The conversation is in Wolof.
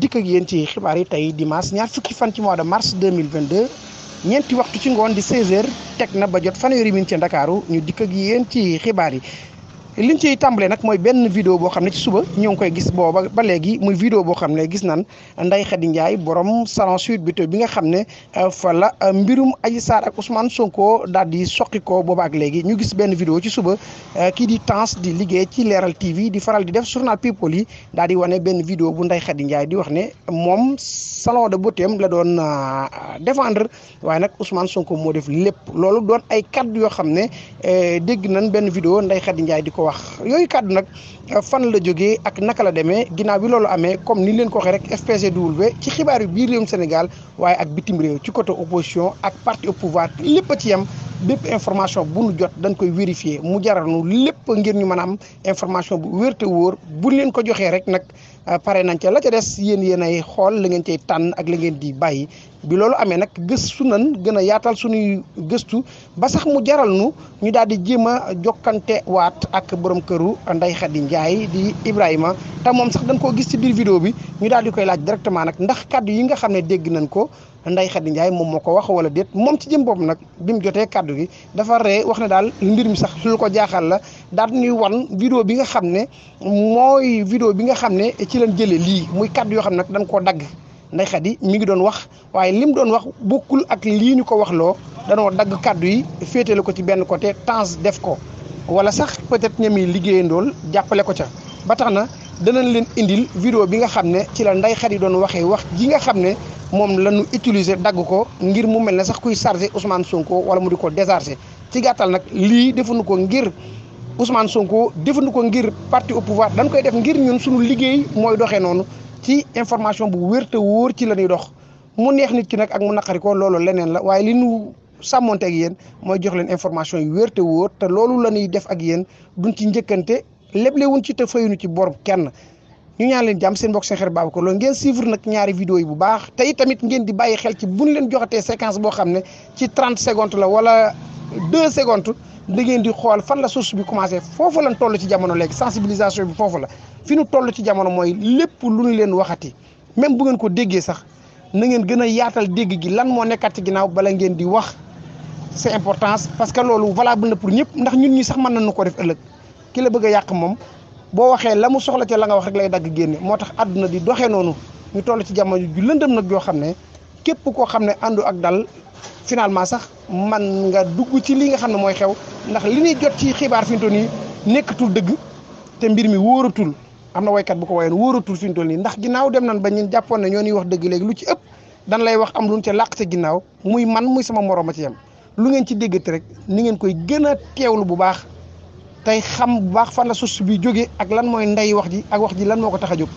dikk ak yéen ci xibaar yi tey dimanche ñaar fukki fan ci mois de mars 2022 ñeenti waxtu ci ngoon di 16h teg na ba jot fanweeri min ci Ndakaaru ñu dikk ak yéen ci xibaar yi liñ ciy tàmbalee nag mooy benn vidéo boo xam ne ci suba ñoo ngi koy gis booba ba léegi muy vidéo boo xam ne gis nan Ndeye Khady Ndiaye borom salon Sweet bi nga xam ne euh, fa la euh, mbirum Adji Sarr ak Ousmane Sonko daal di soqi ko booba ak léegi ñu gis benn vidéo ci suba euh, kii di Tans di liggéey ci Leral TV di faral di def journal people yi daal di wane benn vidéo bu Ndeye Khady Ndiaye di wax ne moom salon de beauté la doon défendre waaye nag Ousmane Sonko moo def lépp loolu doon ay kaddu yoo xam ne dégg nañ benn vidéo Ndeye Khady Ndiaye di ko wax yooyu kàddu nag euh, fan la jógee ak naka la demee ginnaaw bi loolu amee comme ni leen ko waxee rek FPGW ci xibaaru biir réewum Sénégal waaye ak bitim réew ci côté opposition ak parti au pouvoir lépp a ci yem. bépp information bu nu jot dañ koy vérifier mu jaral nu lépp ngir ñu mën a am information bu wérte te wóor bu leen ko joxee rek nag euh, pare nañ ca la ca des yéen yéen ay xool la ngeen cay tànn ak la ngeen di bàyyi bi loolu amee nag su nan gën a yaatal suñuy gëstu ba sax mu jaral nu ñu daal di jéem a jokkante waat ak borom këru Ndeye Khady Ndiaye di Ibrahima te moom sax dañ koo gis ci biir vidéo bi ñu daal di koy laaj directement nag ndax kàddu yi nga xam ne dégg nañ ko. Ndeye Khady Ndiaye moom moo ko wax wala déet moom ci jëm bopp nag bi mu jotee kàddu gi dafa ree wax ne daal mbir mi sax lu ko jaaxal la daal ñuy wan vidéo bi nga xam ne mooy vidéo bi nga xam ne ci lañ jëlee lii muy kàddu yoo xam nag dañ koo dagg Ndeye Khady mi ngi doon wax waaye lim doon wax bokkul ak lii ñu ko wax loo danoo dagg kàddu yi féetale ko ci benn côté temps def ko wala sax peut-être ñami liggéeyandool jàppale ko ca ba tax na danañ leen indil vidéo bi nga xam ne ci la Ndeye Khady doon waxee wax ji nga xam ne moom la utiliser dagg ko ngir mu mel na sax kuy chargé Ousmane Sonko wala mu di ko déchargé ci gàttal nag lii defuñu ko ngir Ousmane Sonko defuñu ko ngir parti au pouvoir dañ koy def ngir ñun suñu liggéey mooy doxee noonu ci information bu wér te wóor ci la ñuy dox mu neex nit ki nag ak mu naqari ko loolu leneen la waaye li nu sàmmonte yéen mooy jox leen information yu wér te te loolu la ñuy def ak yéen duñ ci njëkkante léble wuñ ci te fayuñu ci bor kenn. ñu ñaan leen jàmm seen mbokk seen xarit ko Lo ngeen suivre nag ñaari vidéo yi bu baax tey tamit ngeen di bàyyi xel ci bu ñu leen joxatee séquence boo xam ne ci 30 secondes la wala 2 secondes da ngeen di xool fan la source bi commencé foofu lañ toll ci jamono léegi sensibilisation bi foofu la fi ñu toll ci jamono mooy lépp lu ñu leen waxati même bu ngeen ko déggee sax na ngeen gën a yaatal dégg gi lan moo nekkaat ci ginnaaw bala ngeen di wax c'est importance parce que loolu valable na pour ñëpp ndax ñun ñi sax mën nañu ko def ëllëg ki la bëgg yàq moom boo waxee la mu soxla ca la nga wax rek lay dagg génne moo tax àdduna di doxee noonu ñu toll ci jamono ju lëndëm nag yoo xam ne képp koo xam ne àndu ak dal finalement sax man nga dugg ci li nga xam ne mooy xew ndax li nuy jot ci xibaar fi mu toll nii nekkatul dëgg te mbir mi wóoratul am na waykat bu ko wayoon wóoratul fi mu toll nii ndax ginnaaw dem nañ ba ñun jàppoon ne ñoo ñuy wax dëgg léegi lu ci ëpp dan lay wax am lu ñu ca làq ca ginnaaw muy man muy sama moroom a ci yam lu ngeen ci déggati rek ni ngeen koy gën a teewlu bu baax tey xam bu baax fan la source bi jógee ak lan mooy ndey wax ji ak wax ji lan moo ko tax a jóg